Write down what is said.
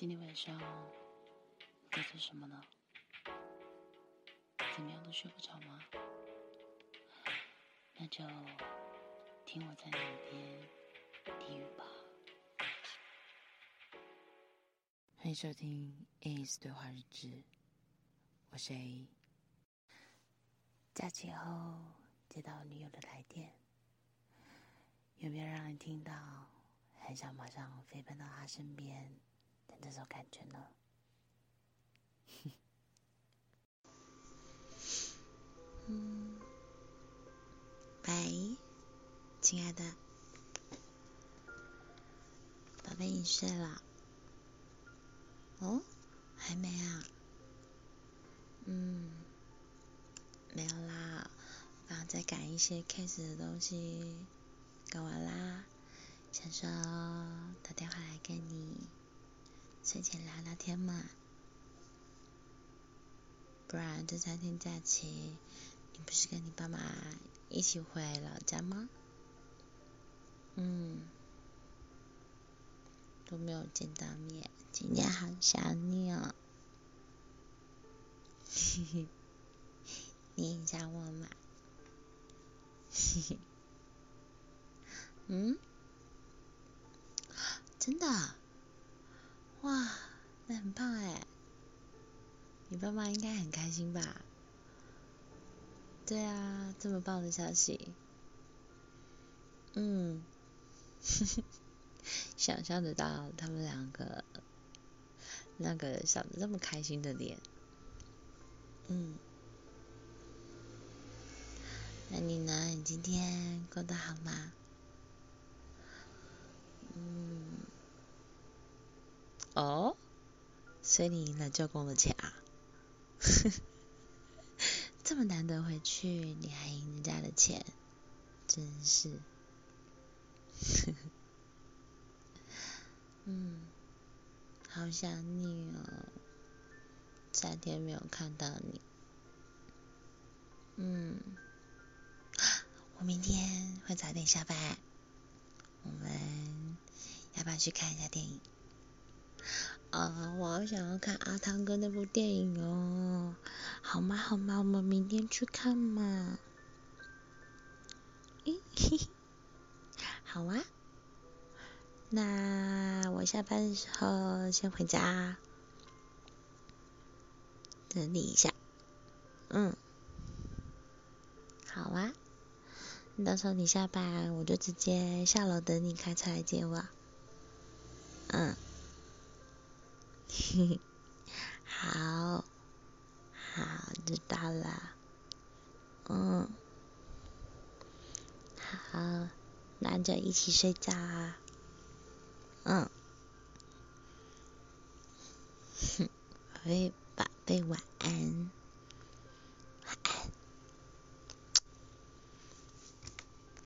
今天晚上該做什麼呢？怎麼樣都睡不着嗎？那就聽我在耳邊低語吧。歡迎收聽《a Is 對話日志》，我是 A、e。假期後接到女友的來電，有沒有讓人聽到？很想馬上飛奔到她身邊，這種感覺呢？ 嗯，喂，親愛的，寶貝，你睡了？哦，還沒啊？嗯，沒有啦，剛在趕一些 case 的東西，趕完啦，想說打電話來跟你。最近聊聊天嘛，不然這三天假期，你不是跟你爸媽一起回老家嗎？嗯，都沒有見到面，今天好想你哦。嘿嘿，你也想我嗎？嘿嘿，嗯，真的。哇，那很棒哎！你爸媽應該很開心吧？對啊，這麼棒的消息，嗯，呵呵，想象得到他們兩個那個笑得那麼開心的臉，嗯。那你呢？你今天過得好嗎？所以你贏了舅公的錢啊？ 這麼難得回去，你還贏人家的錢，真是…… 嗯，好想你哦，三天沒有看到你，嗯、啊，我明天會早點下班，我們要不要去看一下電影？啊、哦，我好想要看阿湯哥那部電影哦，好嗎？好嗎？我們明天去看嘛。嘿、哎、嘿， 好啊。那我下班的時候先回家，等你一下。嗯，好啊。到時候你下班，我就直接下樓等你開車來接我。嘿嘿， 好，好，知道了。嗯，好，好，那就一起睡覺啊，嗯，寶貝，寶貝，晚安。